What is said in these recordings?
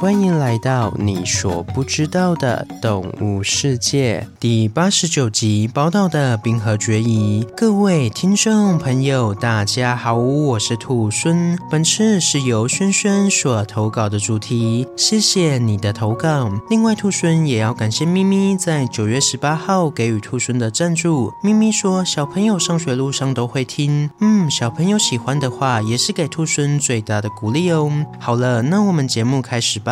歡迎來到你所不知道的動物世界第八十九集寶島的冰河孓遺。各位聽眾朋友，大家好，我是兔猻。本次是由軒軒所投稿的主題，謝謝你的投稿。另外，兔猻也要感謝咪咪在九月十八號給予兔猻的贊助。咪咪說，小朋友上學路上都會聽，嗯，小朋友喜歡的話，也是給兔猻最大的鼓勵哦。好了，那我們節目開始吧。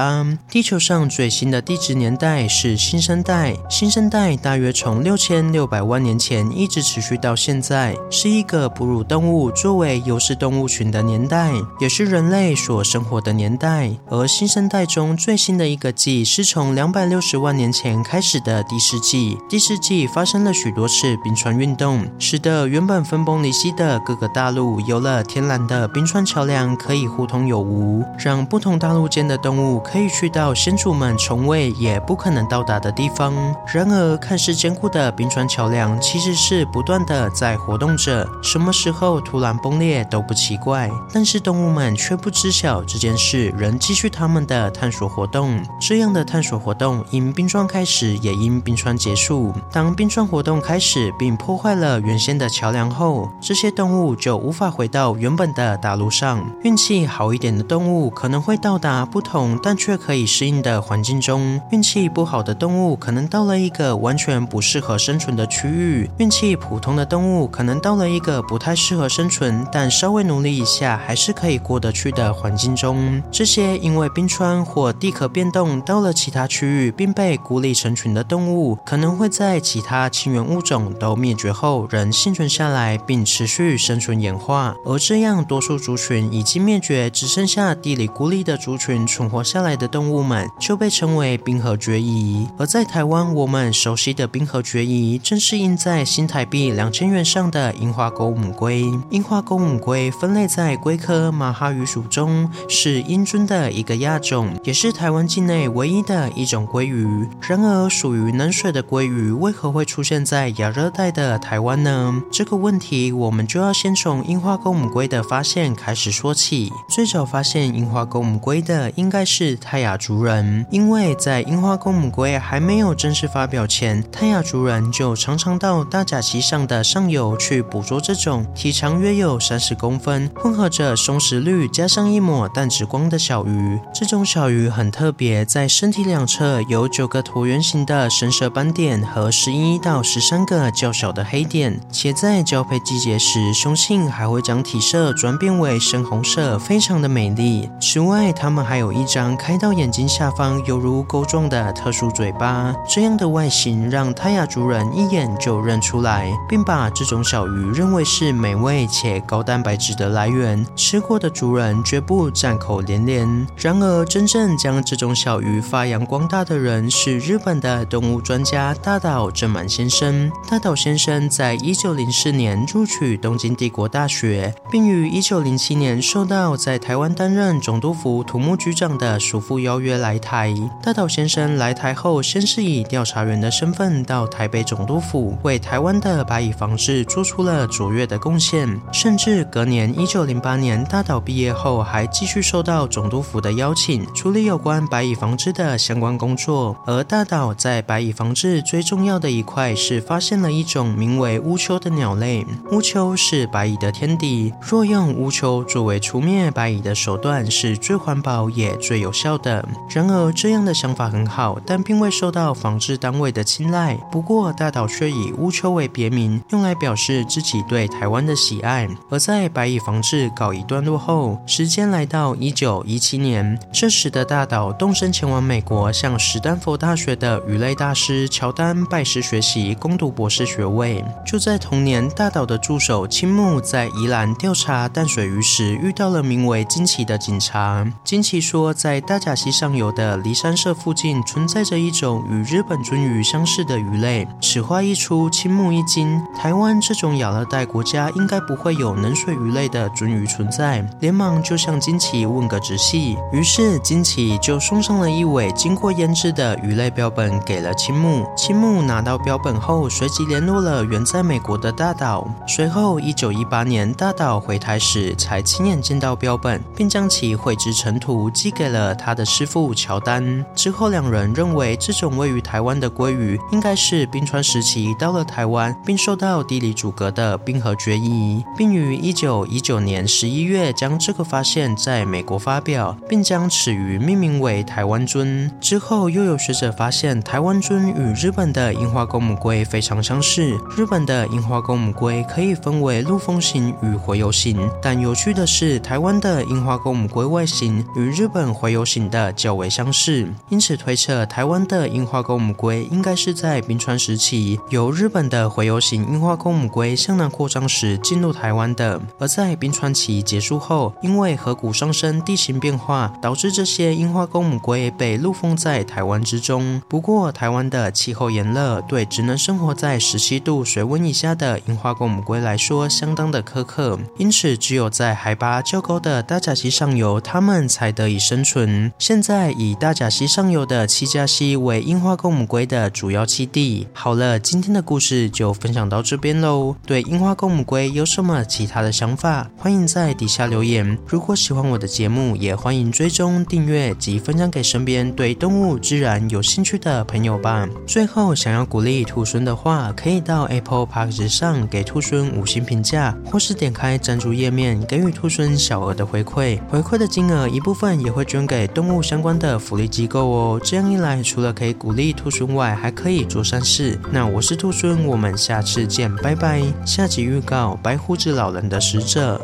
地球上最新的地質年代是新生代，新生代大約從六千六百萬年前一直持續到現在，是一個哺乳動物作為優勢動物群的年代，也是人類所生活的年代。而新生代中最新的一個紀是從兩百六十萬年前開始的第四紀，第四紀發生了許多次冰川運動，使得原本分崩離析的各個大陸有了天然的冰川橋樑可以互通有無，讓不同大陸間的動物。可以去到先祖們從未也不可能到達的地方。然而，看似堅固的冰川橋梁其實是不斷的在活動着，什麼時候突然崩裂都不奇怪。但是動物們卻不知曉這件事，仍繼續他們的探索活動。這樣的探索活動因冰川開始，也因冰川結束。當冰川活動開始並破壞了原先的橋梁後，這些動物就無法回到原本的大陸上。運氣好一點的動物可能會到達不同但卻可以適應的環境中，運氣不好的動物可能到了一個完全不適合生存的區域；運氣普通的動物可能到了一個不太適合生存，但稍微努力一下還是可以過得去的環境中。這些因為冰川或地殼變動到了其他區域並被孤立成群的動物，可能會在其他親緣物種都滅絕後仍幸存下來並持續生存演化。而這樣，多數族群已經滅絕，只剩下地理孤立的族群存活下來的動物們就被稱為冰河孓遺。而在台灣，我們熟悉的冰河孓遺正是印在新台幣兩千元上的櫻花鉤吻鮭。櫻花鉤吻鮭分類在鮭科馬哈魚屬中，是櫻鱒的一個亞種，也是台灣境內唯一的一種鮭魚。然而，屬於冷水的鮭魚為何會出現在亞熱帶的台灣呢？這個問題，我們就要先從櫻花鉤吻鮭的發現開始說起。最早發現櫻花鉤吻鮭的，應該是。泰雅族人，因為在櫻花鉤吻鮭還沒有正式發表前，泰雅族人就常常到大甲溪上的上游去捕捉這種體長約有三十公分、混合着松石綠加上一抹淡紫光的小魚。這種小魚很特別，在身體兩側有九個橢圓形的深色斑點和十一到十三個較小的黑點，且在交配季節時，雄性還會將體色轉變為深紅色，非常的美麗。此外，它們還有一張。開到眼睛下方，猶如鈎狀的特殊嘴巴，這樣的外形讓泰雅族人一眼就認出來，並把這種小魚認為是美味且高蛋白質的來源。吃過的族人絕不讚口連連。然而，真正將這種小魚發揚光大的人是日本的動物專家大島正滿先生。大島先生在一九零四年入取東京帝國大學，並於一九零七年受到在台灣擔任總督府土木局長的。囑咐邀約來台，大島先生來台後，先是以調查員的身份到台北總督府，為台灣的白蟻防治做出了卓越的貢獻。甚至隔年，一九零八年，大島畢業後還繼續受到總督府的邀請，處理有關白蟻防治的相關工作。而大島在白蟻防治最重要的一塊，是發現了一種名為烏秋的鳥類。烏秋是白蟻的天敵，若用烏秋作為除滅白蟻的手段，是最環保也最有限的。笑的。然而，這樣的想法很好，但並未受到防治單位的青睞。不過，大島卻以烏秋為別名，用來表示自己對台灣的喜愛。而在白蟻防治告一段落後，時間來到一九一七年，這時的大島動身前往美國，向史丹佛大學的魚類大師喬丹拜師學習，攻讀博士學位。就在同年，大島的助手青木在宜蘭調查淡水魚時，遇到了名為金奇的警察。金奇說，在大甲溪上游的梨山社附近存在着一種與日本鱒魚相似的魚類。此話一出，青木一驚：台灣這種亞熱帶國家應該不會有冷水魚類的鱒魚存在。連忙就向金崎問個仔細，於是金崎就送上了一尾經過醃製的魚類標本給了青木。青木拿到標本後，隨即聯絡了遠在美國的大島。隨後，一九一八年大島回台時才親眼見到標本，並將其繪制成圖寄給了。他的師父喬丹之後，兩人認為這種位於台灣的鮭魚應該是冰川時期到了台灣，並受到地理阻隔的冰河孓遺，並於一九一九年十一月將這個發現在美國發表，並將此魚命名為臺灣鱒。之後又有學者發現，臺灣鱒與日本的櫻花鉤吻鮭非常相似。日本的櫻花鉤吻鮭可以分為陸封型與洄游型，但有趣的是，台灣的櫻花鉤吻鮭外形與日本洄游形的較為相似，因此推測台灣的櫻花鉤吻鮭應該是在冰川時期由日本的洄游型櫻花鉤吻鮭向南擴張時進入台灣的。而在冰川期結束後，因為河谷上升、地形變化，導致這些櫻花鉤吻鮭被陸封在台灣之中。不過，台灣的氣候炎熱，對只能生活在十七度水溫以下的櫻花鉤吻鮭來說相當的苛刻，因此只有在海拔較高的大甲溪上游，它們才得以生存。現在以大甲溪上游的七家溪為櫻花鉤吻鮭的主要棲地。好了，今天的故事就分享到這邊嘍。對櫻花鉤吻鮭有什麼其他的想法，歡迎在底下留言。如果喜歡我的節目，也歡迎追蹤、訂閱及分享給身邊對動物、自然有興趣的朋友吧。最後，想要鼓勵兔猻的話，可以到 Apple Podcast 上給兔猻五星評價，或是點開贊助頁面給予兔猻小額的回饋。回饋的金額一部分也會捐給。動物相關的福利機構哦，這樣一來，除了可以鼓勵兔猻外，還可以做善事。那我是兔猻，我們下次見，拜拜。下集預告：白鬍子老人的使者。